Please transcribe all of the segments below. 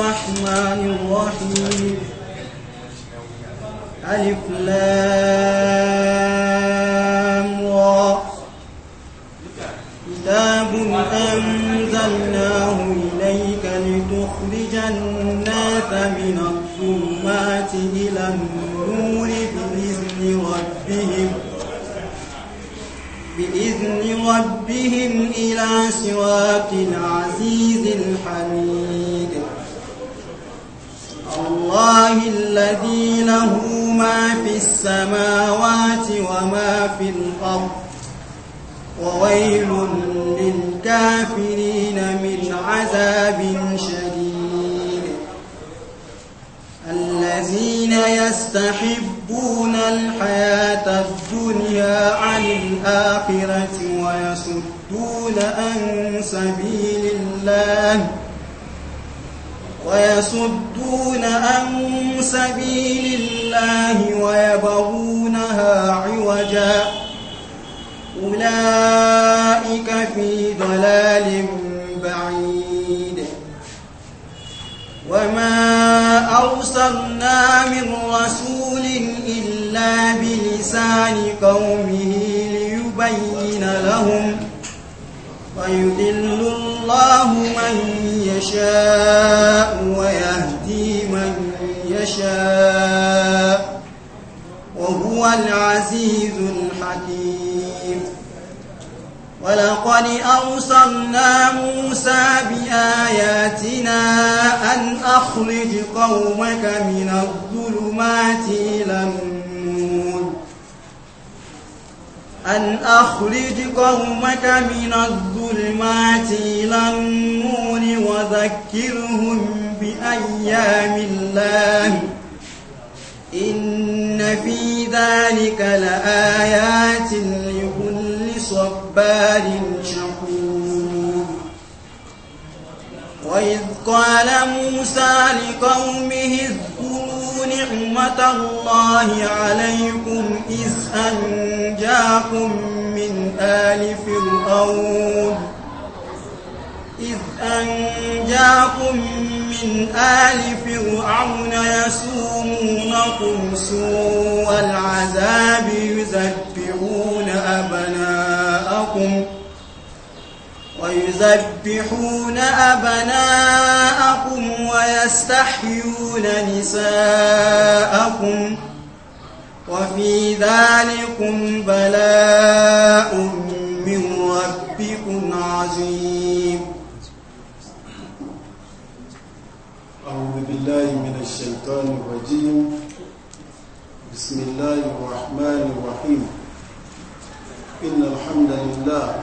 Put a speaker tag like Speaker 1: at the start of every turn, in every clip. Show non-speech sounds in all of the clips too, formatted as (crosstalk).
Speaker 1: الرحمن الرحيم ألف لام را كتاب أنزلناه إليك لتخرج الناس من الظلمات إلى النور بإذن ربهم بإذن ربهم إلى صراط العزيز الحميد الله الذي له ما في السماوات وما في الأرض وويل للكافرين من عذاب شديد الذين يستحبون الحياة الدنيا عن الآخرة ويصدون عن سبيل الله ويصدون عن سبيل الله ويبغونها عوجا أولئك في ضلال بعيد وما أرسلنا من رسول إلا بلسان قومه ليبين لهم ويدل الله الله من يشاء ويهدي من يشاء وهو العزيز الحكيم ولقد أرسلنا موسى بآياتنا أن أخرج قومك من الظلمات لمن أن أخرج قومك من الظلمات إلى النور وذكرهم بأيام الله إن في ذلك لآيات لكل صبار شكور وإذ قال موسى لقومه نعمة الله عليكم إذ أنجاكم من آل فرعون إذ أنجاكم من آل فرعون يسومونكم سوء العذاب يذبحون أبناءكم ويذبحون أبناءكم ويستحيون نساءكم وفي ذلكم بلاء من ربكم عظيم
Speaker 2: أعوذ بالله من الشيطان الرجيم بسم الله الرحمن الرحيم إن الحمد لله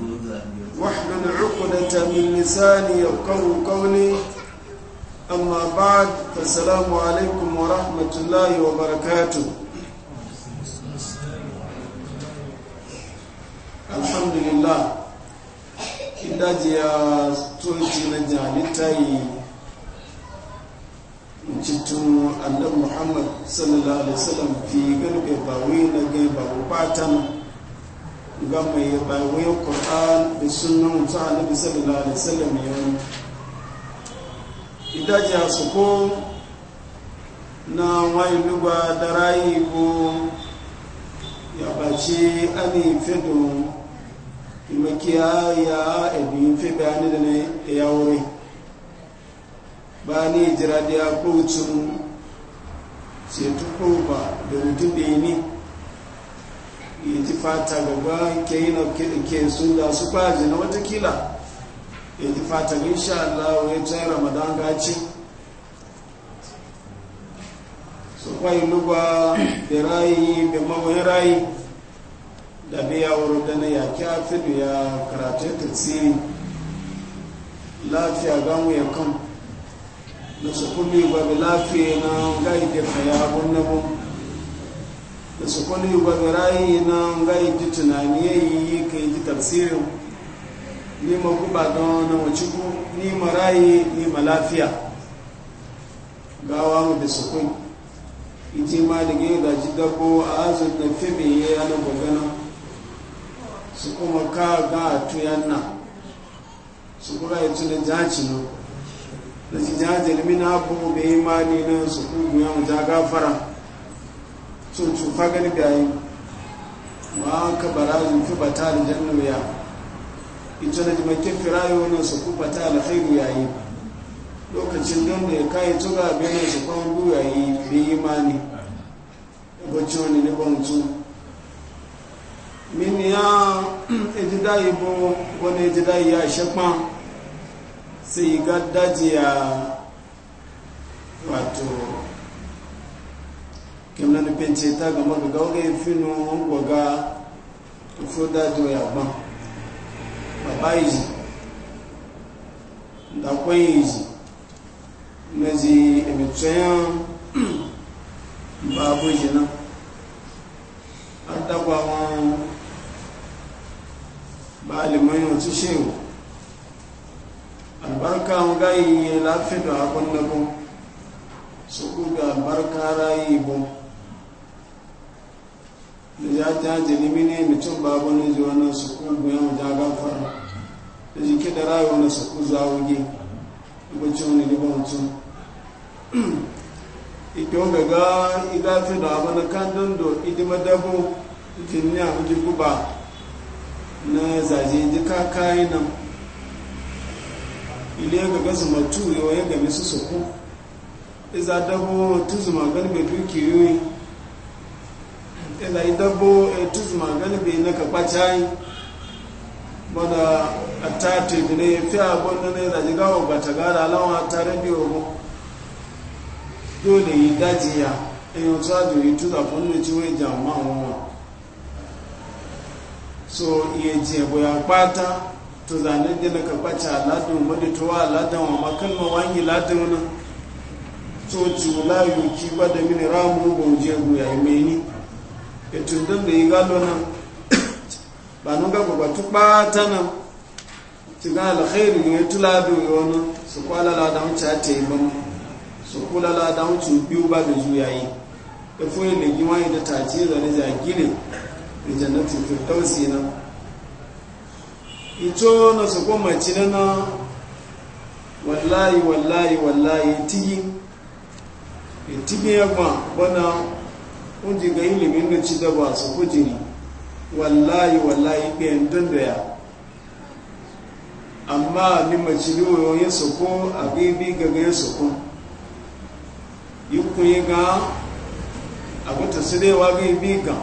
Speaker 2: واحلل عقدة من لساني يفقهوا قولي أما بعد فالسلام عليكم ورحمة الله وبركاته الحمد لله إذا جاءت توجي نجالي تاي cikin annabi muhammad sallallahu alaihi wasallam fi garbe ba wai na gai gama ya bawai ƙur'an da sunan ta annabi sallallahu alaihi wasallam yau idaji a suko na wani luba da rayu ko ya bace ani fedo imakiya ya ebi fi bayani da ne ya wuri ba ni jira ko tun sai tuko ba da mutum da ni ya ji fata gaba ke yi na ke su da su kwaje na watakila ya ji fata insha Allah ya tsaye ramadan gaci su kwayi lugba da rayi da mamayin rayi da biya wuri da na ya a da ya karatu tsiri lafiya gamu ya kan da su ba yi lafiya na gaide faya wannan da su kwani rayu na ga yi ji tunani ya yi ka yi ji tafsirin ni ma guba don na wace ku ni ma rayi ni ma lafiya gawa mu da su kwai iji ma da gina da ji dabo a azun da fimi ya yi ana gwagana su kuma ka ga a tuyan na su kuma yi tunan jaci na da ji jajen mina abubuwa bai yi ma ne na su kuma ya mu ja gafara so cufa gargayi ma ka barajin fi bata aljannu ya ita na jimakin firayi wani su ku bata alkhairu yayi lokacin don da ya kayi tuga bene su kwan duya yi bi da bacci wani ne bantu min ya ejida ibo wani ejida ya shekpa sai ga daji ya wato kemna ni pence ta gama ga gaure finu waga so da do ya ban baba yi da kwen yi na ji emitsayan babu yi nan an dagwa wọn ba liman yau ci shehu albarka wọn gayi lafi da abin na gun su kuga albarka rayi gun ya ta jirimi ne mutum babu ne ji wannan su kuma buyan ja gafara da jike da rayu na su ku zawuge bacci wani riba mutum ikon gaga idafi da abu na kandun da idima dabo jini a huji guba na zaje ji kakayi nan ile ga su matu yawon ya game su su ku iza dabo tuzuma galibin dukiyoyi lai dabo e eh, tuzma galibi na ka kwacai bada atati bine ya fi abon na ne zaji gawa ba ta gara lawan tare biyo mu dole yi daji ya eyan tó àdò yìí tó dà fún lójú ìjà ma àwọn wọn so iye jẹ bóyá pátá tó dà ní jẹ́nà kàpàtà aládùn mọ́dé tó wà aládùn àwọn akẹ́lùmọ́ wá ń yí ládùn náà tó jù láàyò kí bá dẹ̀mí ni ráàmù bòun jẹ́ bóyá ìmẹ́ yìí ètò ìdọ́gbẹ̀ yìí gálọ́ náà bànúgbà gbogbo tó pátá náà ti gá àlàkéèrè yìí tó láàbì òyìn ọ̀nà sọ̀kọ́ alálàádáhùn tí a tẹ̀ ìbọn sọ̀kọ́ alálàádáhùn tí bí ó bá lè ju yàyí ẹfún ilẹ̀ yìí wáyé da tàjí ìrọ̀lẹ́ jà ìjànà ti fi tọ́sí náà ìtò na sọ̀kọ́ màtí náà wàláyì wàláyì wàláyì tíyí ìtígbìyàgbọ̀n bọ́nà unji ga ilimin da ci daba su kujiri wallahi wallahi ɗayan don da ya amma ni macili oyoyin su ko a bibi gagaye su ko yi kunye ga abuta su dewa bi ga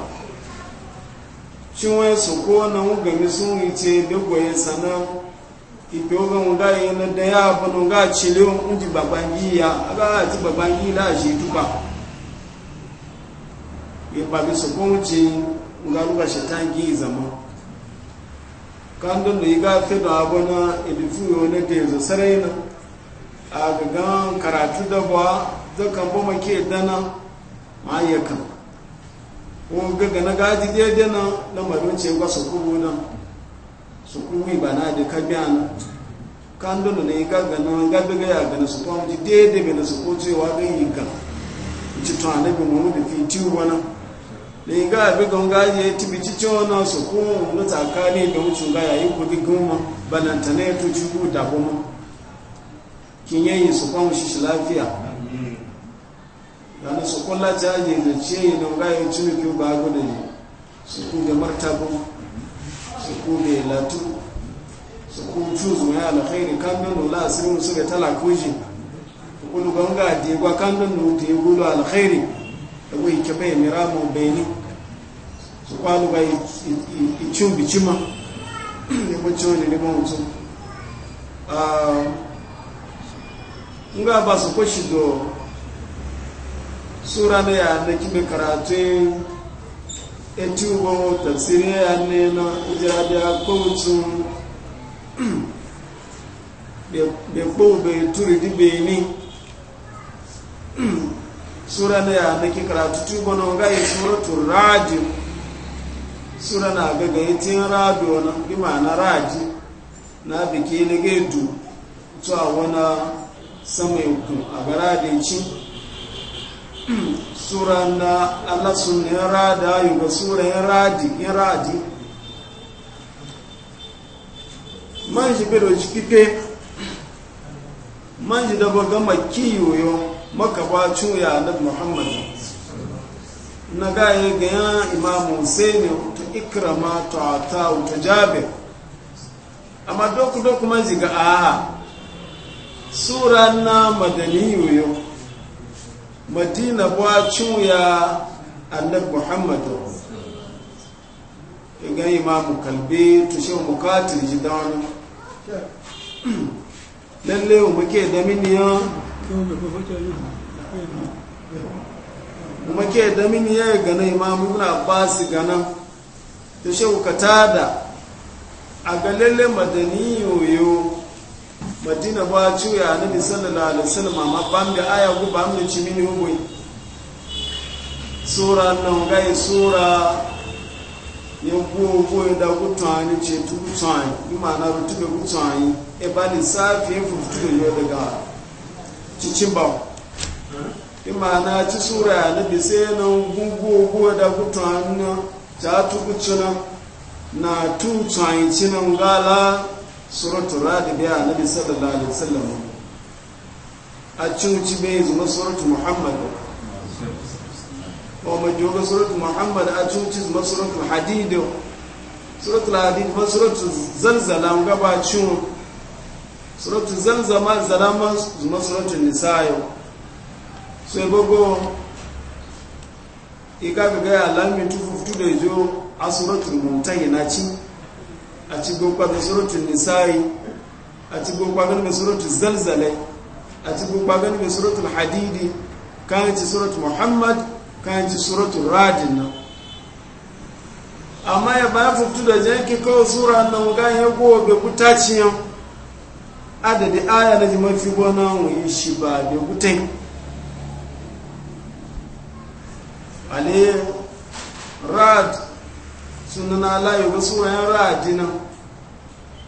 Speaker 2: cinwe su ko na ugami sun rice dogwaye sana ipe ogun wudaye na daya abinu ga cile unji babban giya aga ya babban gila a shi tuba bi su kunci ngaruka gi zama kandun da iga fi da abuna edifu yone da yanzu sarai na a ga karatu da ba zakan ba make dana ma yakan ko gaga na gaji daidai na lamarin ce ga su kubu na su kubu ba na da kabiya na kandun da ga gana gabi gaya gana su kwanci daidai gana su ko wa gan yi ka ci tuwa na bi mu da fi tiwo na linga abega ngaje tibici chona soko no tsakani ga mutunga yayi kudi goma balantane to chugu da goma kinyayi su kwa yẹ lafiya dana su kwalla jaje da ce yi na ngayi cinu ki ba gudu ne su ku da martabo su ku da latu su ku cuzu ya alkhairi kamin nula asirin su ga talakuji kullu ganga de gwa kamin nula de ewu ike bai mira mu beni su kwalu bai icin bicima ne bacci wani neman mutum nga ba su kwashi do sura na ya na kibe karatu eti ubo tafsiri ya ne na ijirabiya ko mutum (clears throat) bai kpo bai turi di beni (clears throat) sura na ya na ki karatu tubo na ga yi suratul radio sura na ga ga yitin radio na bi ma'ana raji na biki na ga yidu to a sama yuku a ga radio ci (clears throat) sura na Allah sun ne rada yi ga sura yin radi yin radi man shi bero shi kike man shi da gama kiyoyo magabacin ya annabi Muhammadu? na gaye ga ya imamu husaini ta ikirama ta ta wuta jabe amma doku doku man ziga a tsura na madani yoyo madina bacin ya annabi Ya ga imamu kalbi ta shi mukatil ji dawani lallewa (clears throat) muke da miniyan kuma ke da min ya gana imam ganan ta gana da shehu katada a ga lalle madani yoyo madina ba cuya na bi sallallahu alaihi ma amma ban da aya gu ba mun ci mini hukumi sura nan gai sura ya ku ku da ku tani ce tu tani ma na rutu ku tani e ba ni safi fu tu yo daga cikin ba imana ci tsura ya nabi sai nan gugu da kutu hannun ta tukuci nan na tutu hanci nan gala suratu radibi na nabi sallallahu alaihi a cinci bai zuma suratun muhammadu wa majoga suratun muhammadu a cinci zuma suratun hadidu suratun hadidu ba suratu zalzala gaba ciwo suratu zanzama zalama zuma suratu nisayo sai ibogo ikagaga ya lami 252 da ijo a suratu muntahi na ci a ci gokwa da suratu nisayi a ci gokwa gani da suratu zalzale a ci gokwa gani da suratu hadidi kayan ci suratu muhammad kayan ci suratu radin nan amma ya bayan 52 da jan kawo sura nan ga ya gobe kutaciyan adadi aya na ji mafi gona wani shi ba da gutai ale rad sunana layo ga suwayen radi nan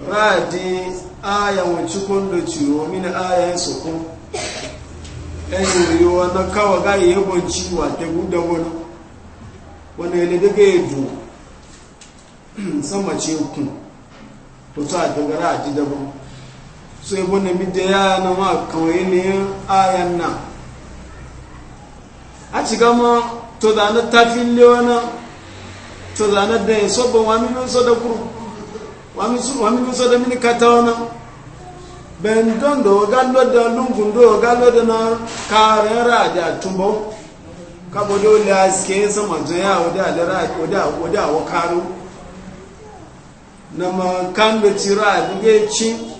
Speaker 2: radi aya wacce kondo ciwo mini aya su kun ɗan yiwuwa na kawa ga yi yabon ciwa da guda wani wani ne daga ya ju sama ce kun to ta dogara a ji daban so ibo na mi da ya na ma kawai ne ayan nan a ci gama to da na tafi lewana to da na da ya so ba wami min so da kuru wami min so da mini kata wana ben don da ogalo da lungun da ogalo da na kare raja tumbo kabo dole aske sama jaya oda alara oda oda wakaro na ma kan da tira abin ya ci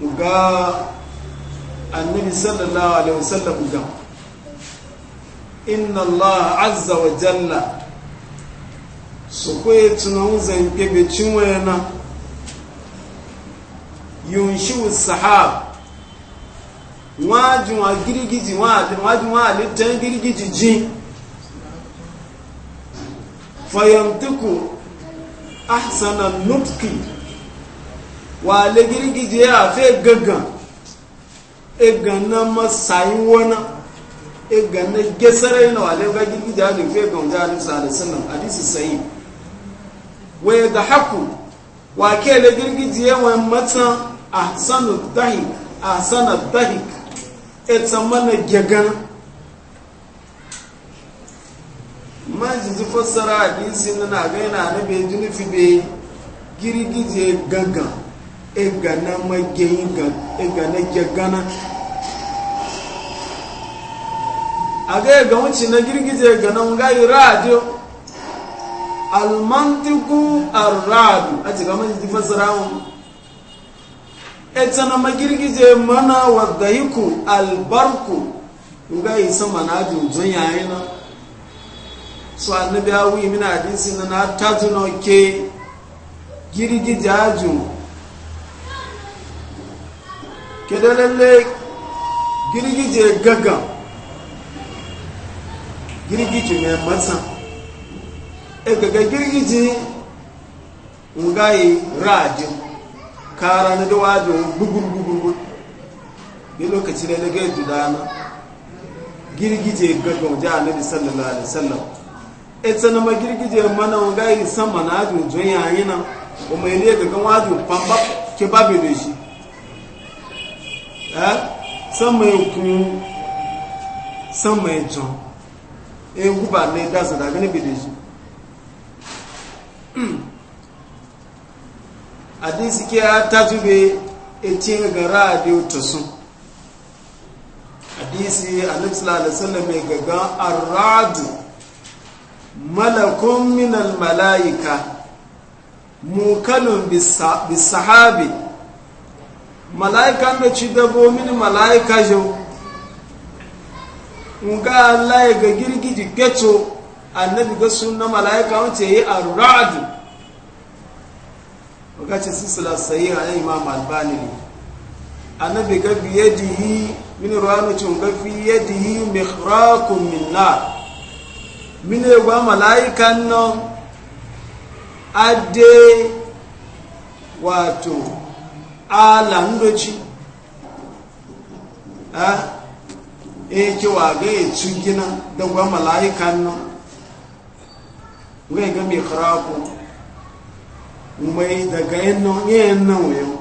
Speaker 2: ga annabi sallallahu alaihi wasallam ga inna allah azza wa jalla su kwaye tunan zanke becin wayana yunshiwu sahab wajin wa girgiji wajin wa halittar girgiji ji fayantuku ahsanan nutki wà lé gírígíjì àfẹ́ gangan egan na masayin egan na na ga sayi da haku wà kí lé yawan matan mana ji fassara hadisi na na gaina na bai ji girgije gangan egana mageyin gan egana gana aga ga wuce na girgije ga nan gayi radio almantiku arradu a cika mai ji fasara mu ita na magirgije mana wadda yiku albarku gayi sama na jujun yayi na so annabi awi mina hadisi na na tajuna ke girgije ajun kenan lalle girgije gaga girgije mai matsa e gaga girgije ngayi rajin kara na dawajin gugur-gugur ne lokaci ne na gaidu dana girgije gaga wajen annabi sallallahu alaihi wasallam ita e na magirgije mana ngayi sama na ajin jonya yana kuma ile gaga wajin pamba ke babe da shi sánmà ẹkùn sánmà ẹ̀jọ̀n ewúbà ní dásàdà gẹ́nìgbèdè a tàtúbé etí gàrá àdí òtòsùn àdínsí alẹ́sìlá alẹ́sìlá mai gàgán àrádù malakun minal mala'ika mukalun bisahabi malaika ndo ci dabo mini malaika jo nga Allah ya e ga girgiji geto annabi ga sunna malaika wace yi ar-ra'd ga ce sisila sayi a imam albani ne annabi ga yi min ruwanu cin ga fi yi mihrakun min nar min yawa malaika nan ade wato ala ndoci a eke wa ga etu gina da gwa mala'ika nan wai ga mai karaku mai daga yin nan yin nan wayo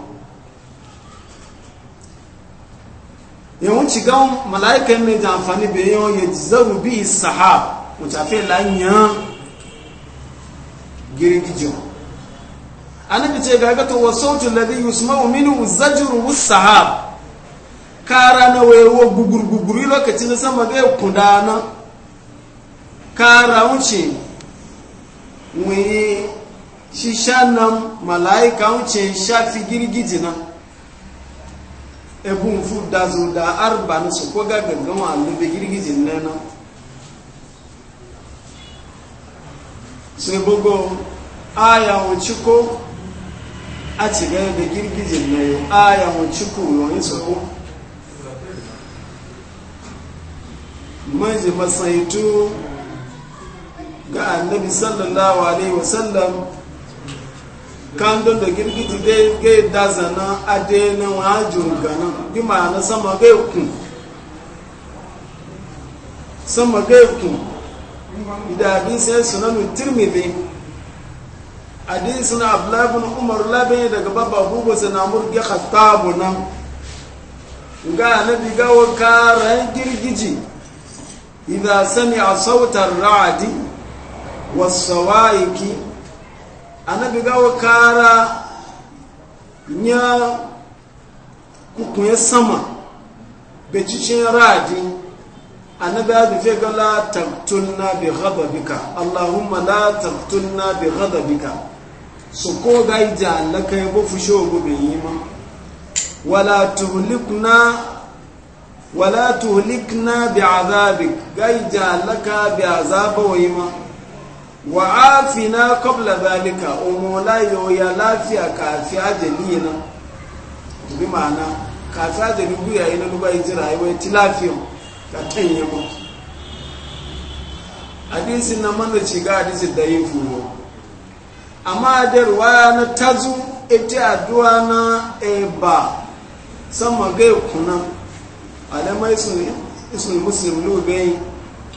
Speaker 2: yawon ci ga e e mala'ika yin mai da amfani bai yawon ya zaru bi sahab mutafe lanyan girgijin annabi ce ga gato wa sautin ladhi yusma'u minhu zajru sahab kara na wewo gugur lokacin sama ga kudana kara wuce wuyi sha nan malaika wuce shafi girgiji nan ebun fu da zo da arba na su ko ga gangama annabi girgijin nan sai bugu aya wuce ko a ci da girgijin na yi aya wacce koyoyin sako manji matsayito ga annabi sallallahu alaihi wasallam kan don da girgiji dai gai dazana ade na wajen ganin bi ma'ana sama gai kun sama gai kun idadin sai sunanu tirmidhi hadisin abdullahi bin umar labin daga babba bubu sinamur ga khattabu nan ga annabi ga wa karan girgiji idza sami'a sautar ra'di was-sawaiki annabi kara nya kukunye sama becicin ra'adi annabi ya bi fegala taktunna bi ghadabika allahumma la taktunna bi ghadabika su ko gai yi alaka ya bufu shogo bin yi ma wala tuhlikna bi azabik gai yi Alaka bi azaba wa yi ma wa afina qabla zalika umula yo ya lafiya kafi ajali na bi ma'ana kafi ajali buya yi na luba yi jira yi wai ti lafiya ka tanye ma. hadisi na mana ci ga hadisi da yi furo amma da ruwaya na tazu ita aduwa na eba sama ga kuna alamai isul muslim lubai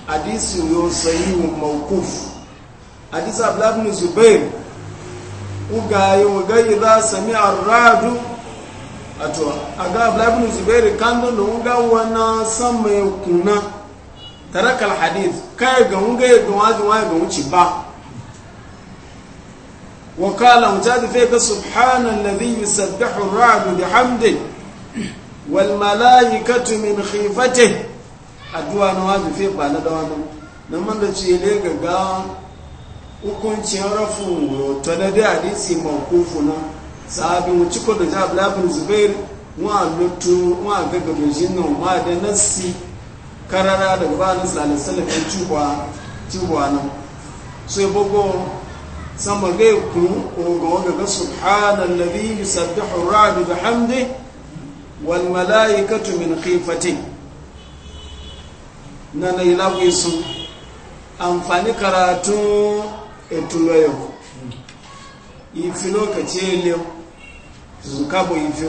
Speaker 2: hadisi yau yo sahihu mawquf hadisi abdullah ibn zubair uga yo ga idza sami'a ar-radu ato aga abdullah ibn zubair kando na uga wana sama kuna taraka al-hadith kai ga unga ga wazi wa ga uci ba وقال مجاد فيك سبحان الذي يسبح الرعد بحمده والملائكة من خيفته addu'a na wajen fi ba na dawa nan nan man da ce ne gaga hukuncin rafu ta na da hadisi mawkufu na sahabi mu ciko da jab labin zubair wa lutu wa gaga bujin nan ma da nassi karara daga ba na sallallahu alaihi ci ba ci ba bugo sama gai kun ogon daga subhanan nabi yusabbihu rabi da hamdi wal mala'ikatu min khifati na na ilagwe sun. amfani karatu etuloyo ifi lokaci ele zukabo ifi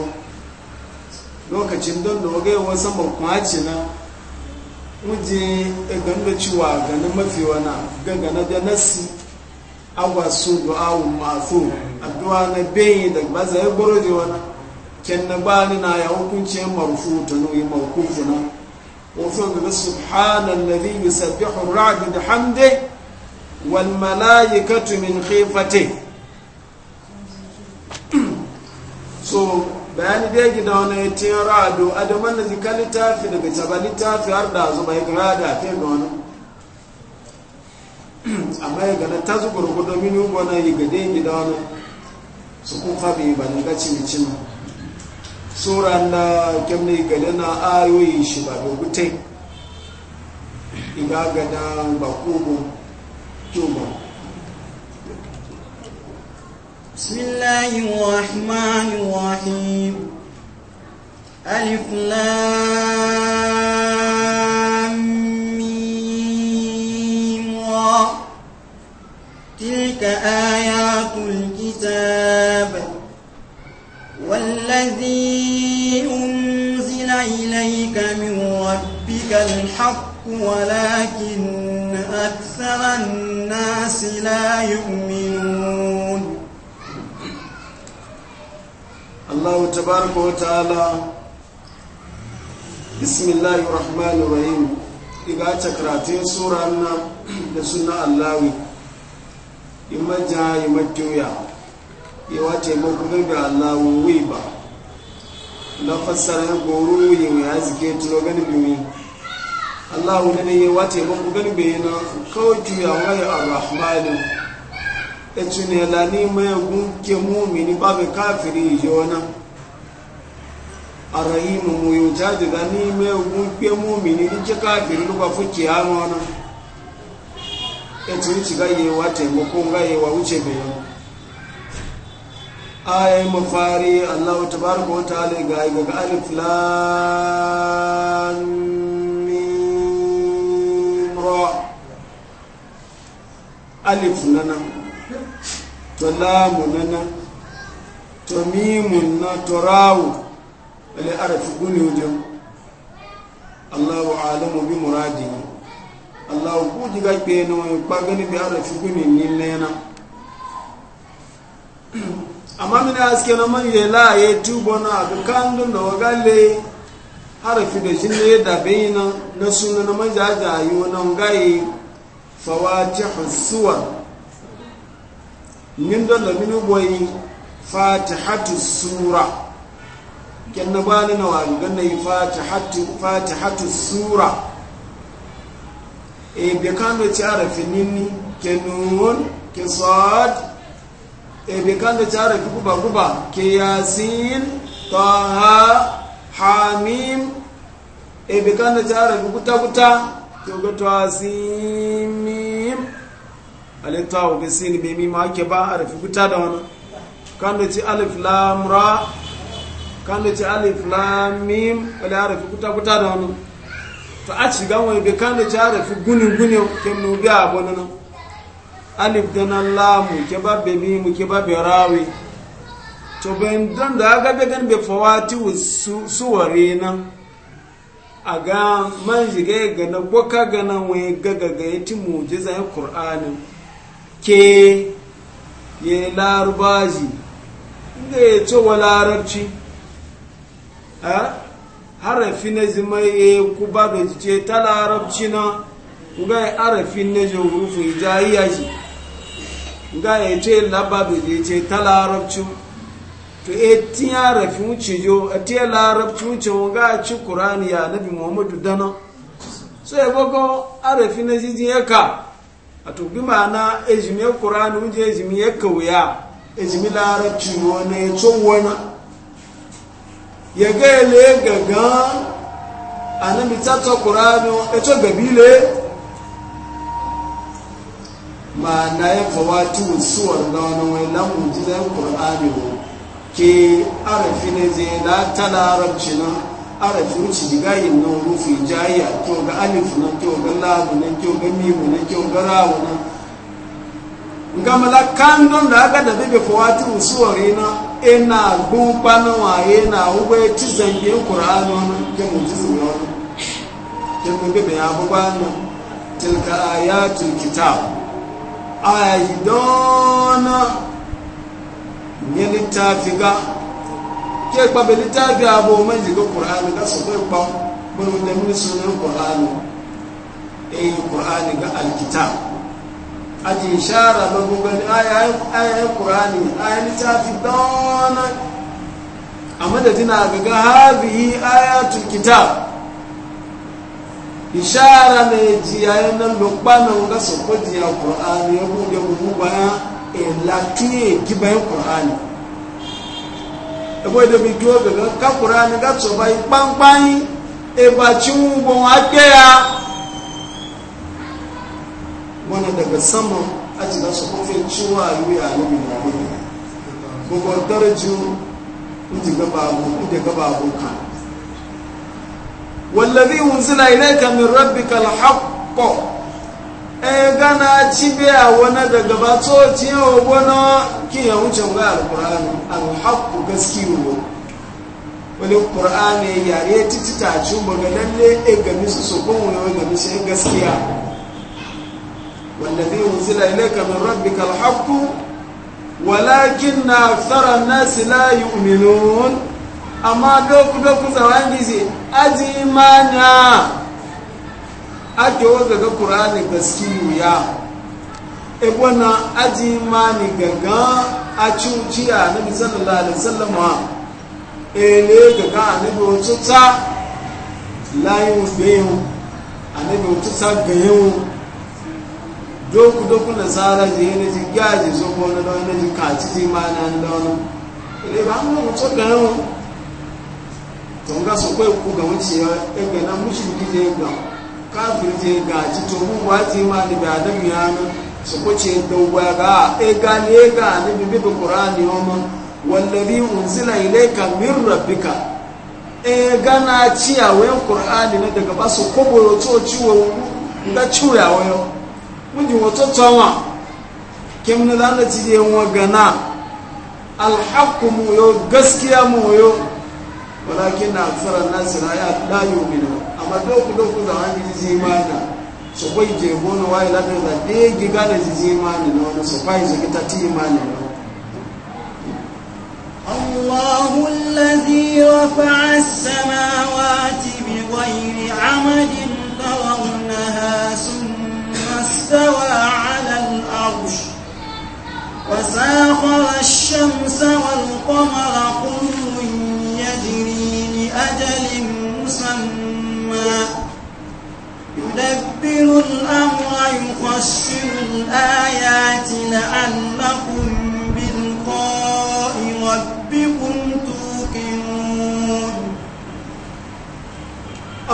Speaker 2: lokacin don da wagai wasu makwaci na wuje ganin da ciwa ganin mafi wana gangana da nasi agwa su du'awu masu addu'a na bayi da ba zai gboro je wani ken na ba ni na ya hukunci marufu ta nuyi marufu na wato da subhanan ladhi yusabbihu da radu bi hamdi wal katu min khifate so bayani da yake da wani tiyar rado adaman da zikali tafi daga tabali tafi har da zuba ya ra'da fi da wani (clears throat) amma ya gana ta zuwa rukudu mini wana yi gade yi gida wani su kun faɗi ba ni gaci mai cin sura na kemne gade na ayoyi shi ba da gutai iga gada ba kogo kyoma
Speaker 1: bismillahirrahmanirrahim alif lam تلك آيات الكتاب والذي أنزل إليك من ربك الحق ولكن أكثر الناس لا يؤمنون
Speaker 2: الله تبارك وتعالى بسم الله الرحمن الرحيم إذا تكراتين سورة النام لسنة اللاوي ima ja ima juya yawa ce makugan da allahu wui ba na fassara ya goro wuyi mai hazike tuno ganin biyu allahu ne ne yawa ce makugan bai na kawai juya wani arrahmanu ya tuni la ni mai gunke mumini babu kafiri jona arrahimu mu yau ta daga ni mai gunke mumini ni ce kafiri lukwa fuki ya mana etu wuce gayewa taimako gayewa wuce bayan ayi mafari allahu tabaraka wata ala ga ga alif lam ra alif nana to lamu nana to mimun nana to rawu guni allahu alamu bi muradihi Allah ku ji ga kpe na wani kwagani bi ala fi gumi nile na amma mini aske na man yela ya tubo na abu kandun da wagale harafi da shi ne da bai na na suna na majaja yi na gaye fawace suwa min don da mini boyi fatihatu sura kyan na bani na wani ganin fatihatu sura ebe eh, kando ci arafi nini ke nun ke sod ebe eh, kando ci arafi guba guba ke yasin taha hamim ebe eh, kando ci arafi guta guta ke gato asimim alitta ni bisin bai mima ake ba arafi guta da wani kando ci alif lamra kando ci alif lamim wale arafi guta guta da wani to a ci gawo be kan da tare fi gunin gune ke no bi a bonan alif dan lamu ke ba be mu ke ba be rawi to ben don da aka be gan be fawati suwari nan a ga man jiga ga na boka ga na we ga ga ga yati mujiza ya qur'ani ke yi larubaji inda ya ce wa larabci a harafi na zima ya eh, kuba da jice ta larabci na nga ga harafin na jin rufu ijaiya ji ga ya ce laba da jice ta larabci to e eh, ti harafi wuce yo a ti larabci wuce ga ci kurani ya nabi muhammadu dana so ya gogo harafi na jijin ya ka a to bi ma'ana ejimiyar kurani wuce ejimiyar kauya ejimi larabci wani ya tsohon wani ya ga ele gaga annabi tsatsa gabile e ma na ya fawatu suwar da wani wai lamun jizan qur'ani ho ke arafi ne je la arabci na arafi wuce diga yin ga alif na kyau ga lahu na kyau ga na ga rawu na ga malakan don da aka da bebe na ina gbumpa na waye na ugbo eti zangi kwuru anụ ọnụ nke mojizi na ọnụ nke bebe ya abụkwa anụ tilka aya tilkita nye jiga ƙur'ani ga su kai so gbogbo ọ mini sunan ƙur'ani eyi ga aji ishara na gungun ayayen ƙurani ayayen littafi a madadin a gaga habihi ayatul kitab ishara na ji yayin nan lokpa na ga sokoji ya ya bayan elatuye gibayen ebe ga tsoba ake wani daga saman aji za su kofin cewa yuya na muhammadu gbogbo darajin kuje gaba aboka wallabi unzila ilaika min rabbika alhaqqo e gana cibe a wani daga batoci yawa gwana kiyan wucin ga alkur'ani alhaqqu gaskiyo wani kur'ani yare titita cin maganalle e gami su su kuma wani gami su e gaskiya والذي أنزل إليك من ربك الحق ولكن أكثر الناس لا يؤمنون أما دوك دوك زوانجزي أجي مانيا أجي وغا قرآن بسيويا إبونا أجي ماني غغا أتشوتيا نبي صلى الله عليه وسلم ele gaga anabi otuta layin gbeyin anabi otuta gbeyin doku doku nasara ji yana ji gaji zobo na da wani ji kaci ji ma na da ile ba mu mu to ga yau to ga so ko ku ga wuce ya e, ga na mushi ki je ga kafir je ga ci to mu wa ji ma da ba da mi yana so ko ce da wa ga e ga ne ga ne bi bi qur'ani yoma wallazi unzila ilayka min rabbika e ga na ciya wayan qur'ani na daga ba so ko bo to ciwo ga ciwo ya wayo wunji wato tsawa kim na cije wa gana alhaku mu yo gaskiya mu yo walakin na aksara nasi na ya dayo mina amma doku doku za a ji ji mana so kwai je gona waye lafiya za de giga da ji mana na wani so kwai ji kita ti mana na
Speaker 1: الله الذي رفع السماوات بغير عمد استوى على الأرش وساخر الشمس والقمر كل يجري لأجل مسمى يدبر الأمر يفسر الآيات لعلكم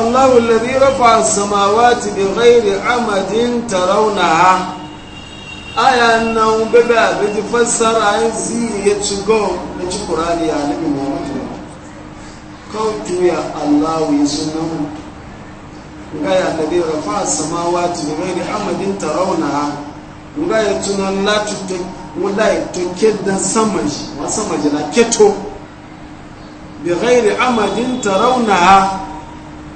Speaker 1: الله الذي رفع
Speaker 2: السماوات بغير عمد ترونها آية أنه ببع بتفسر عن زي يتشقو نجي قرآن يا نبي محمد كوت يا الله يسنه غاية الذي رفع السماوات بغير عمد ترونها غاية تنان لا تتك ولا تكد سمج وسمج لا كتو بغير عمد ترونها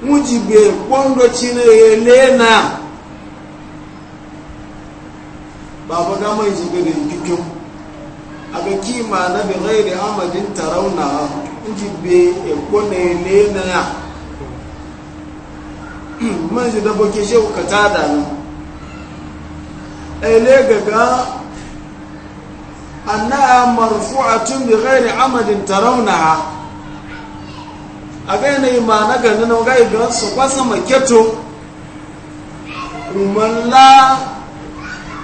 Speaker 2: mujibe kwondo chine yelena baba gama ijibe da ikikin aga kima na (clears throat) bi ghairi amadin tarauna mujibe kwondo yelena ya man ji dabo ke shehu ga tada nan ele gaga annaha marfu'atun bi ghairi amadin tarawnaha a ga yanayi ma na gani na ga igan su kwasa maketo umarla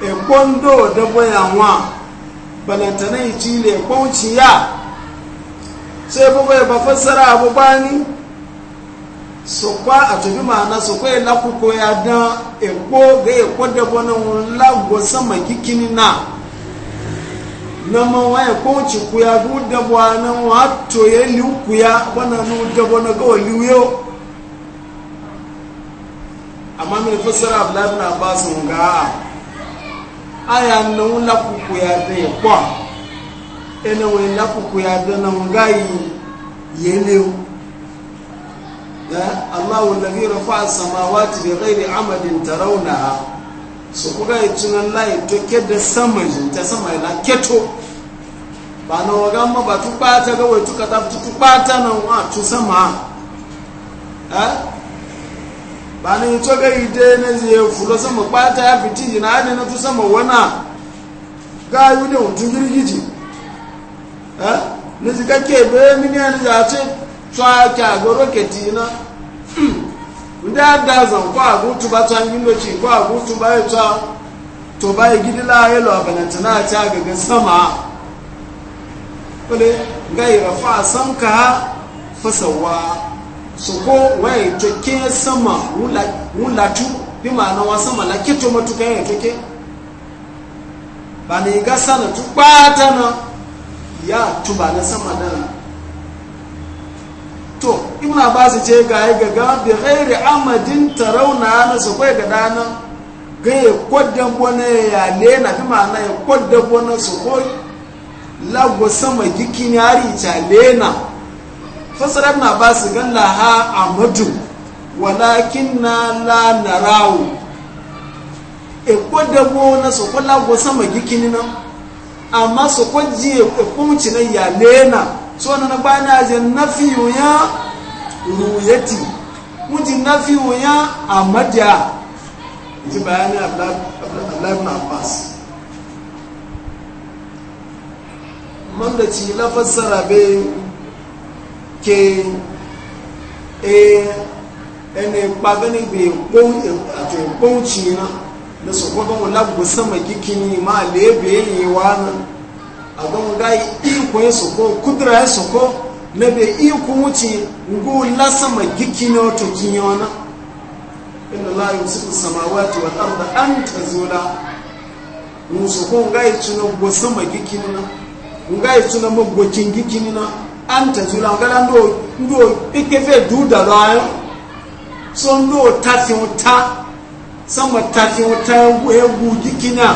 Speaker 2: ekondo da bayanwa balantanai chile kwanciya sai bugu ya ba fassara abu bani su kwa a tafi ma'ana su kwa ila kuko ya dan eko ga eko da wani lagosa makikini na na mawaye ko ci kuya bu dabwa na wato ya liu kuya bana nu dabo na ga liu yo amma mai fasara Abdullahi na Ba su ga aya na wula ku kuya da ya kwa Ina we la ku kuya da na mun ya yi yelew ya Allah alladhi rafa'a as-samawati bighayri 'amadin tarawnaha su kuka yi tunan layi to keda sama jin ta sama na keto ba na waga ma ba tu bata ga wai tuka tafi tu bata nan wa tu sama eh ba ni to ga ide na yi fulo sama bata ya fiti na ne na tu sama wana ga yu ne yi girgiji eh ne ka ke be mini ne za ce agoro goro na. ndị ada zankwa agụtụbata ndị ndochi nkwa agụtụba ịtụ tụba igidila elu abanata na-achị agaga sama kwale ga irafa sam ka ha fasawa su ko waye toke sama wulatu bi ma'ana wa sama la kito matuka ya toke ba ne ga sana tukpata na ya tuba na sama dana to ibna ba su ce ga yi gaga da ghairi amadin tarauna na su kai ga dana ga ya kwaddan bona ya le na bi ma'ana ya kwaddan bona su kai lagwa sama gikin yari ta lena fasarar na ba su gan laha amadu walakin na la narawu e kwaddan bona su kai lagwa sama gikin nan amma su kwaji ya e kunci na ya lena so nana ba na je nafi ya ruyati muji nafi ya amadiya ji bayani abdullahi ibn abbas man da ci la fassara be ke e ene pagani be ko e, ato ko ci na da so ko don la go sama kikini ma lebe yi wa na agon gai ikon soko kudura soko na be ikon wuce ngu lasama otu to kinyona inna la sama samawati wal arda an tazula musoko ngai tuna go sama na gikinina ngai tuna mo go kingikinina an tazula ngala ndo ndo ikefe duda layo so ndo tafi uta sama tafi uta egwu gikina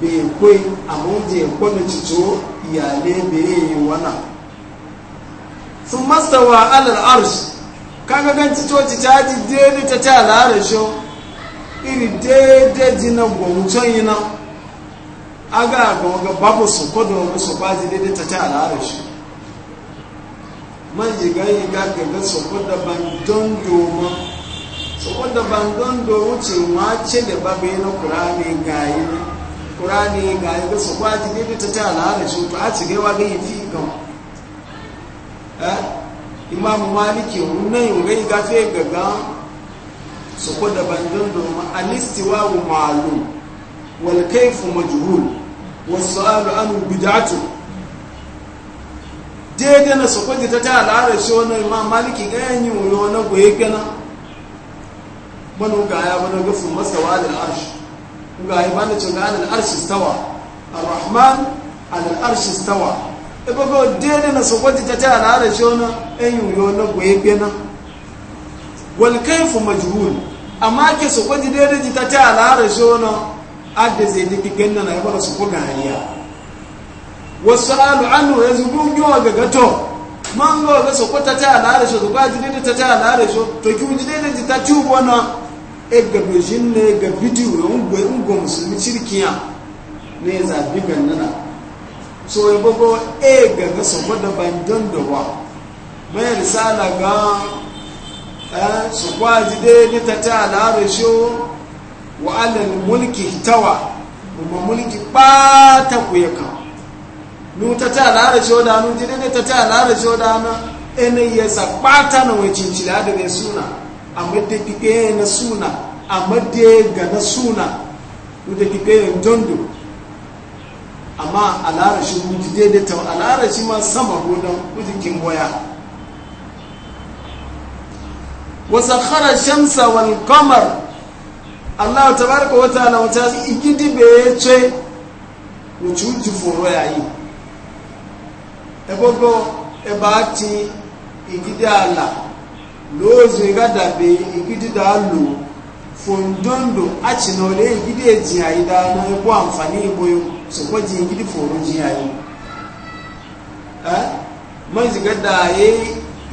Speaker 2: bai kwai amma je kwanu cito iyale yi wana sun mastawa alal arsh kaga gan cito ci ta iri daidai na gwamcon yi na. aga ga babu su kodon su kwaji daidai ta ta al'arashin man yi gan yi gagaga doma su kodaban don doma ce ma da na ƙurani ga yi gasa kwaji ne ta ta al'ada shi to a ci gaiwa ga yi fi gan eh? imam maliki wunan yi gai gafe gaga su ko da bandun domin alistiwa wa ma'alu wal kaifu majhul wasu alu anu bidatu daidai na su kwaji ta ta al'ada shi wani imam maliki ganyen yi wuyo na goye gana manu ga ya wani gafin masa wa al'arshi ga ibanda cewa alal arshi stawa arrahman arshi stawa ebe ko dene na sokwati ta ta shona en e na wal majhul amma ke sokwati dene ji ta ta shona adde diki na e su ko gariya wasalu anhu yazubun yo ga gato mango ga E ga bejin ne ga bidiyo na ungwa musulmi cirkiya ne za bi gannana so ya e bago e ga ga sabo da bandon da wa mai risala ga eh, su kwaji dai ni ta ta al'ara shi wa alal mulki tawa kuma mulki ba ku ya kawo nu ta ta al'ara shi da nu jide ne ta ta al'ara shi da na ene ya sa ba na wai cincila da ne suna a ta na suna a de na suna wata kike dondo amma a larashin wuji daidai ta a larashin ma sama godon wujikin waya wasa khara shamsa kamar qamar Allah tabaraka wa ta'ala wata igidi ya ce wuci wuci foro yayi ebogo ebati igidi Allah lóòzù ìgádàbẹ̀ ìgídídà lò fòndóńdò àtìnàlẹ̀ ìgídí èjì àìdá ji ẹgbọ́ àǹfààní ji sọ̀pọ̀ di ìgídí fòrò jì àyè mọ́jì gádà ayé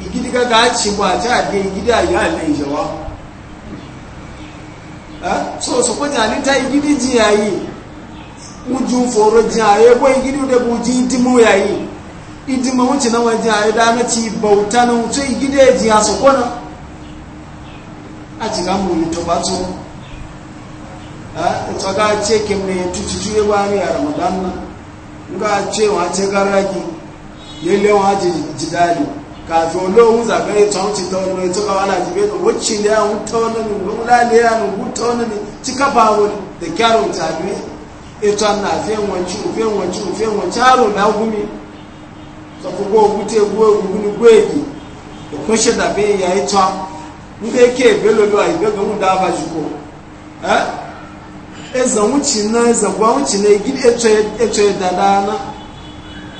Speaker 2: ìgídí gágá àtìmọ̀ àti àdé ìgídí àyà àlẹ́ so sọ̀pọ̀ ji alita ìgídí ji ji ji idi ma wuce na wajen a da na ci bauta na wuce gida ya ji ya su kwana a a ce kim tuci juye ba ne na nga ce wa ce garagi wa ji ka zo lo wu za ga ita wuce ta wani ita ga ne wuta wani ne ne wuta wani ne cika ba wani da kyaro ta biyu na wanci wanci tọkụgbo ogwute egwu egwugwu egwu okweshe dabe ya ịtọ ndị eke ebelolu a ibego nwụda abajikwo eze nwuchi na eze gwa nwuchi na egide eto edada na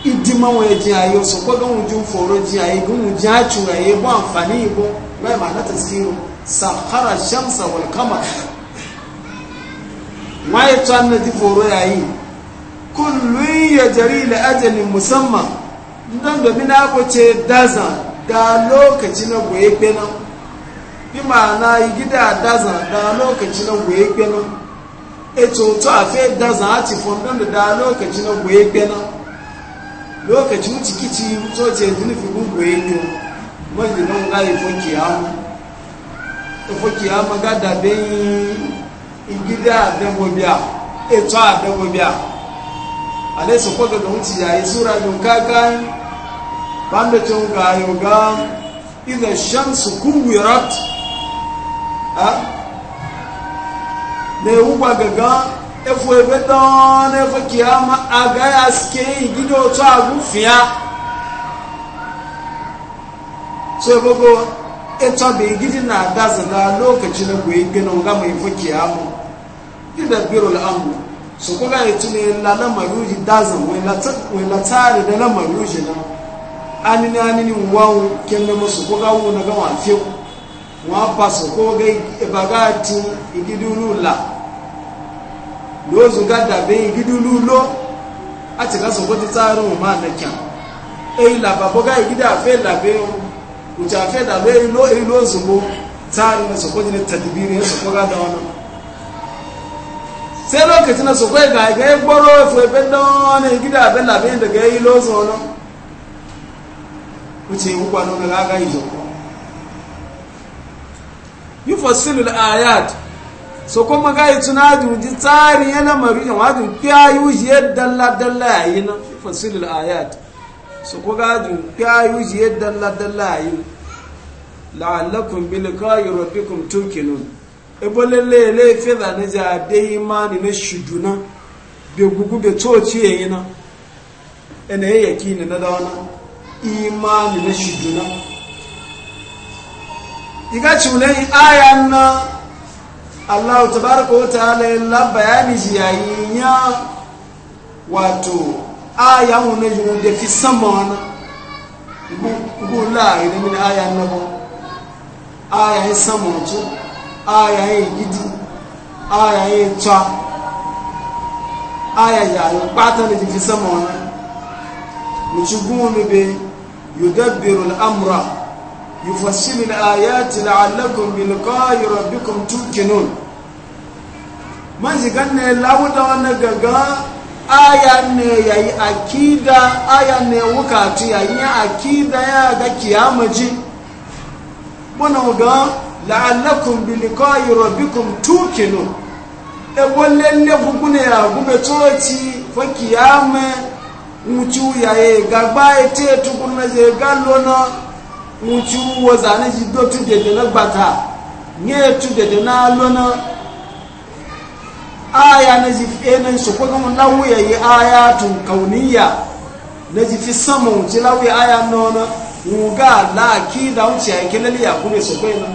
Speaker 2: idi manwe ji ayi so kwa ga mforo ji ayi ga nwuji achụrụ ayi bụ amfani igbo bai ma na tasiru sahara shamsa wal nwa ịtọ na di foro yayi kullun ya jari la ajalin musamman nan domin na kwace dazan da lokaci na goye gbenan bi ma'ana igida gida dazan da lokaci na goye gbenan eto to a fe dazan a cifon don da lokaci na goye gbenan lokaci mu cikici soce zunufin goye gbenan e mazinan e ga ifon kiyamu ifon kiyamu ga dabe igida adamobia eto adamobia alai su kwaga ga wuce yayi sura don banda cin gayo ga idan shamsu kuwirat a ne wuba gaga efu ebe don efu kiyama a ga ya suke yi gida otu agufiya so ebogo ita bai gidi na dazala lokaci na kuwa gina ga mai efu kiyama gida biro al'amu so kuka yi tunai lalamaruji dazan wai latsari da lamaruji na amini amini wawu kenda musu ko gawo na gawa fiyo wa basu ko ga bagati igidulu la lozu gada be igidulu lo ati ka so ko ti taru ma na kyan e la babo ga igida fe la be o uta fe da be lo e lo zumo taru na so ko ni tadbiri so ko ga da wono sai lokacin na so ko ga ga gboro fo be don igida be la be daga yi lo zo no wuce wukwa nuna raga yi zoko yi fasilul ayat so kuma ga yi tuna juji tsari yana mari yan waju kya yi wuce dalla dalla ya yi na yi fasilul ayat so ko ga ju kya yi wuce dalla dalla ya yi la'allakum bi liqa'i rabbikum tuqinun ebo lele ele fe da ne ja de imani na shujuna be gugu be toci yayi na ene yake ne na da imani na shiduna iga cimulayi ayan na allahu tabaraka wa ta'ala yalla bayani jiyayi ya wato ayan wani yiwu da fi sama wani gula idan mini ayan na ba ayayin sama wato ayayin gidi ayayin ta ayayayin patan da fi sama wani mutu gumi bai يدبر الأمر يفصل الآيات لعلكم بلقاء ربكم توقنون man shigan ne lauda wani gaga aya ne ya yi akida aya ne wukatu ya yi akida ya ga kiyamaji muna ga la'allakum bilikayi rabbikum tukinu e wallen ne gugune ya buga coci fa kiyama ŋutsu ye gagba ete tukuru na je galo na ŋutsu wo zane dzi do tu dede na gbata nye tu dede na alo na aya na dzi fi ene sokɔ kama lawu ye aya tu kauniya na dzi fi samu ŋutsu la ya aya nɔ na ŋuga la ki da ŋutsu yae kelele ya kune sokɔ na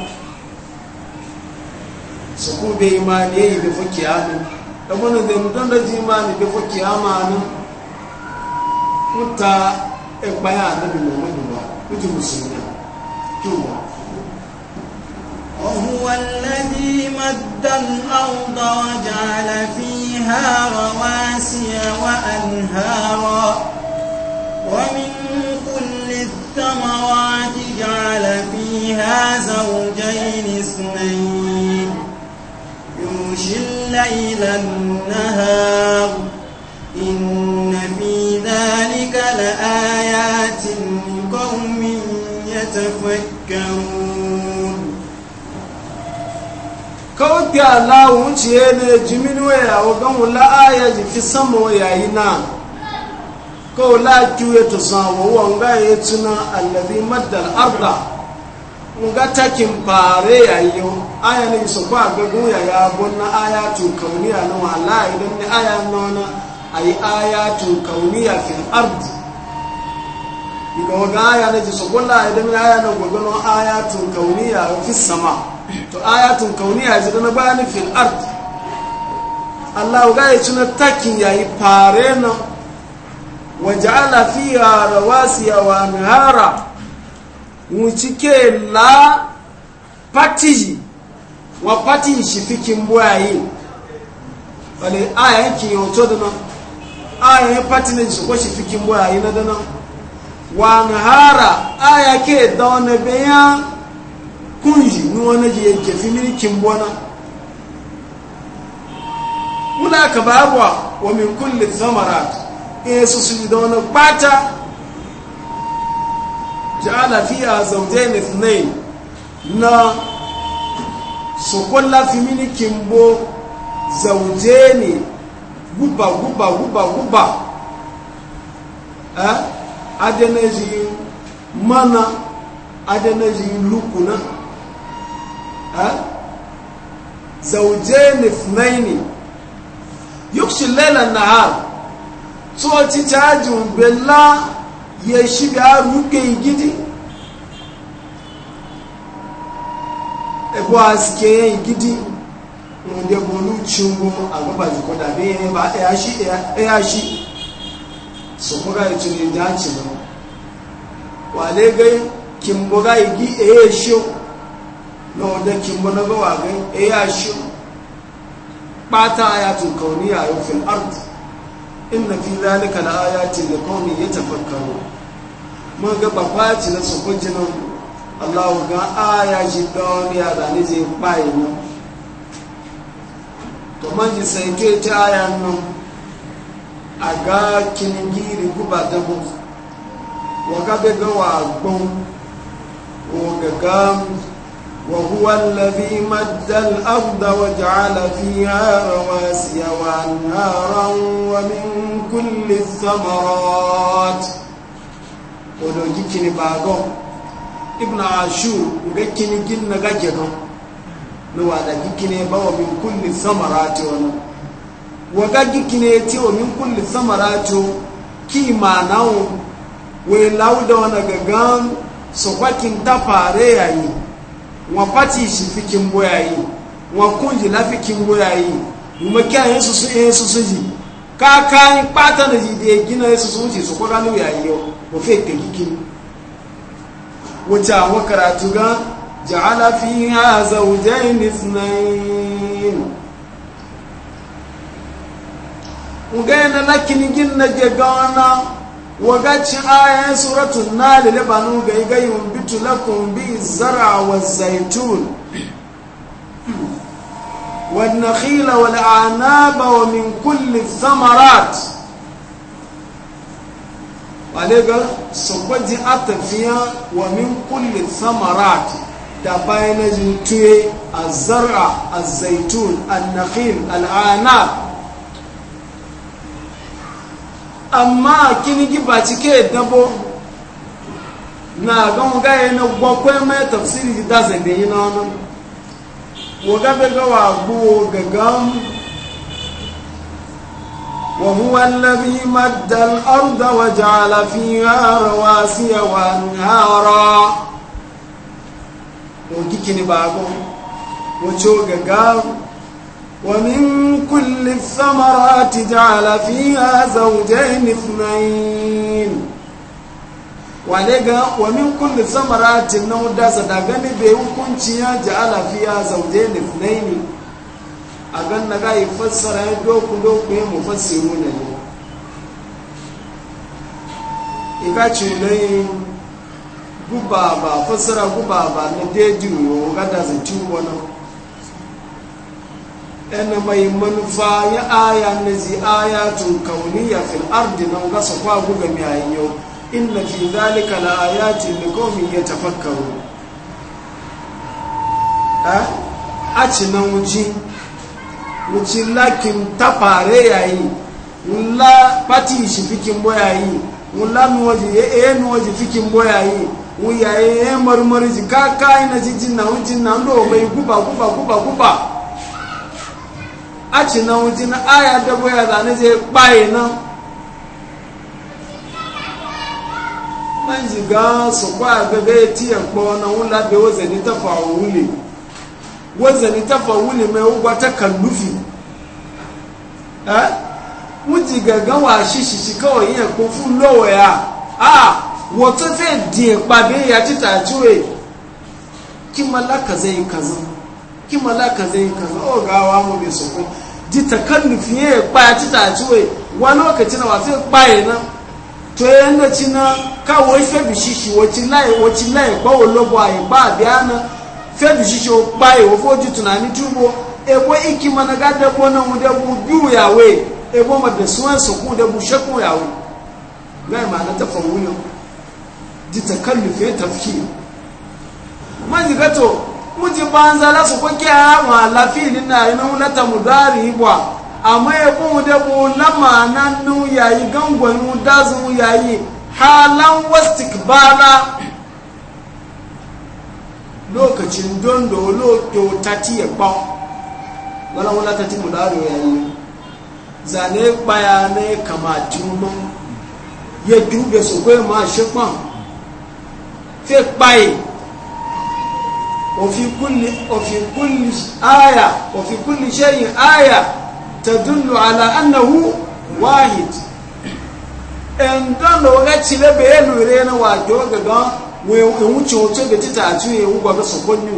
Speaker 2: sokɔ be imani ye yi be fo kiyama ɛfɔ ne zɛ ŋutɔ ŋutɔ dzi imani be fo kiyama na. ń ta ẹgbà yà níbi mọ̀mọ́ ìdùnnà ó ti mùsùlùmí kí
Speaker 1: ó wà. وهو الذي مد الأرض وجعل فيها رواسي وأنهارا ومن كل الثمرات جعل فيها زوجين اثنين يوشي الليل النهار لآيات لقوم يتفكرون kawai Allah wuce
Speaker 2: ne jimin waya wagan wula aya jiki sama yayi na kawai la kiwe to samu wanga ya tuna allazi maddal arda nga takin fare yayo aya ne su ba ga goya ya gonna aya to kauniya na wala idan ne ga waga aya na ji sokola idan aya na gwagwano ayatun kauniya fi sama to ayatun kauniya ji na bayani fil art Allah ga ya ci na takin yayi fare na waja'ala fiha rawasiya wa anhara mu cike la pati wa pati patiji shifikin buwayi wale aya yake yoto da na aya pati patiji su ko shi shifikin buwayi na da nan wanhara aya ke da wani bayan kunji ni wani ji yanke fi milkin bona muna ka babuwa wa min kulle zamara in su su da wani bata ja'ala fiya zaujain ithnain na su kulla fi milkin bo zauje ne guba guba guba guba eh adeneji mana adeneji lukuna ha zaujaini thnaini yukshi lela nahar tsoci cajin bela ya shiga ruke gidi ebo aske gidi wanda bolu cin gumu a gaba jiko da bayan ba ya shi ya shi su kuga yi tuni dace na wale gai kimbo ga igi eye eh, sho na wadda kimbo na gawa gai eye eh, sho bata ayatun kauni a yau fil In na fi zalika la ayatin da kauni ya tafakkaru mun ga babba ci na su kunji nan Allah ga aya shi don ya zane zai bayi nan to man ji sai ta aya nan aga kinigi riguba dabo waga bega wa gbon wa gaga wa huwa alladhi madda al-ardha wa ja'ala fiha rawasiya wa anharan wa min kulli thamarat odo kini bago ibnu ashur ga kinigi naga jedo no wa da kini bawo min kulli thamarat wa waga gikine ce wa min samara samaratu ki manawo Wai lauda wana gagan so kwakin ta fare yayi wa pati shi fikin boyayi wa kunji la fikin boyayi kuma kiyan yesu su yesu su ji ka ka pata da ji de gina yin su ji so kwara nu yayi yo wa fe te gikin wata wa karatu ga ja'ala fiha zawjayn ithnayn ngayana na kinigin na gegana wagaci ayan suratun na lilibanu ga igayin bitu lakum bi zara wa zaitun والنخيل والأعناب ومن كل الثمرات wadega sokwaji atafiya wa min kulli thamarat da bayan tuye a zara a zaitun a nakhil al'anab amma kini giba cike dabo na ga mu ga yana gwakwai mai tafsiri da yi na wani wa gabe gawa buwo gagan وهو الذي مد الأرض وجعل فيها رواسي وأنهارا وكيكني باغو وشوغا غاو ومن كل الثمرات جعل فيها زوجين اثنين walega wa min kulli samaratin na wadda sadaga ne bai hukunci ya ji alafiya zauje ne a gan na ga fassara ya doku doku ya ne ne ika na deji wa gada ɗana mai manufa ya aya na zi aya tun kauniya fil ardi na gasa kwa guga miyayin yau inna fi zalika la ayati li qaumin yatafakkaru eh a ci na wuci wuci lakin tapare yayi nla pati shi fikin boyayi nla mi waje ye e mi e, waje fikin boyayi wuya ye e, marmari ji kaka ina ji jinna wuci na ndo mai guba guba guba guba a ci na wuji na aya dabo ya zane je kpaye nan man ji ga su kwa gaga ya tiya kpo na wula da wazani ta fawuli wazani ta fawuli mai ugwa ta kallufi eh wuji gaga wa shishishi kawai iya ko fu lowa ya a wato fẹ́ dín ìpàdé ya ta júwe kí malaka zai kazan kí malaka zai kazan ó gawa mu bai sọkún ji takallufi ya kwaya ci taciwe wa lokaci na wasu kwaye na to ya na ci na kawo febi shishi wacin laye wacin layi kwawo lobo a ba a biya na febi shishi o kwaye wa foji tunani tubo ebo iki mana ga dabo na mu dabo biyu yawe ebo ma da suwan su ku dabo shakku yawe gai e ma na tafa wuyan ya tafki gato muji banza la su wa hawa ni na yi nan ta mu dari bwa amma ya kun da bu lama na nu yayi gangwanu dazu yayi halan wastikbala lokacin don to ta ti ya kpọn wala wala ti mu dari yayi zane kpaya ne kama tunu ya jumbe su kwe ma shi kpọn fi kpaye وفي كل وفي كل آية وفي كل شيء آية تدل على أنه واحد إن دلو غتشي لبيلو رينا واجوغا غان ويوچو تو بيتي تاتو يوغا بسكوني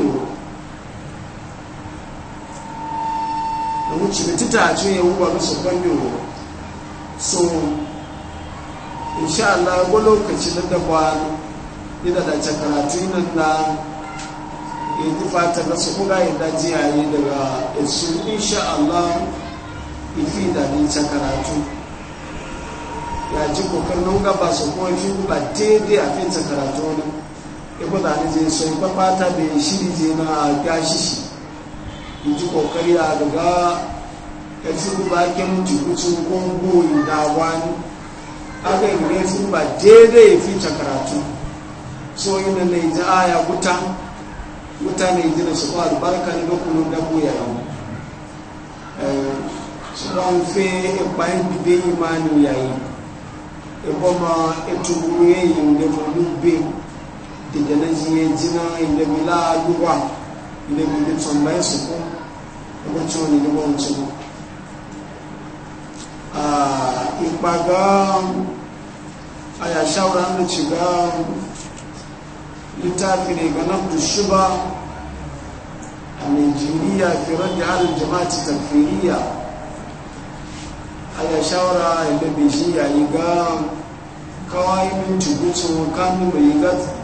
Speaker 2: ويوچو بيتي تاتو يوغا بسكوني so insha Allah go lokaci da dabba ida da karatu nan na yanzu fatan na su yin daji yayi daga su insha Allah ifi da ni ta karatu ya ji kokarin gaba su kuma fi ba daidai a fin ta karatu wani ibu da ni je so ipa fata ya shiri je na gashi shi in ji kokari a daga ƙarfi ba ke mutu kutu gongo da wani aka yi ne fi ba daidai ya fi ta karatu so yi na ji aya wutan mutane jina su ba albarka ni dokunan da ku yawo su ba n fe ipayin e bibe imanu yayi iboma etuburu yayin da mulu be da janaji ya jina inda mila aluwa inda mulu tun su ko ọgbọ̀n wani ni wọ́n tún ipaga ah, e ayashaura ń lè ṣìgá littafi ne ga nan shuba a nigeria firar da halin jama'aci tafiriya a ya shawara da bai shi ga kawai min cikin kamun mai gaza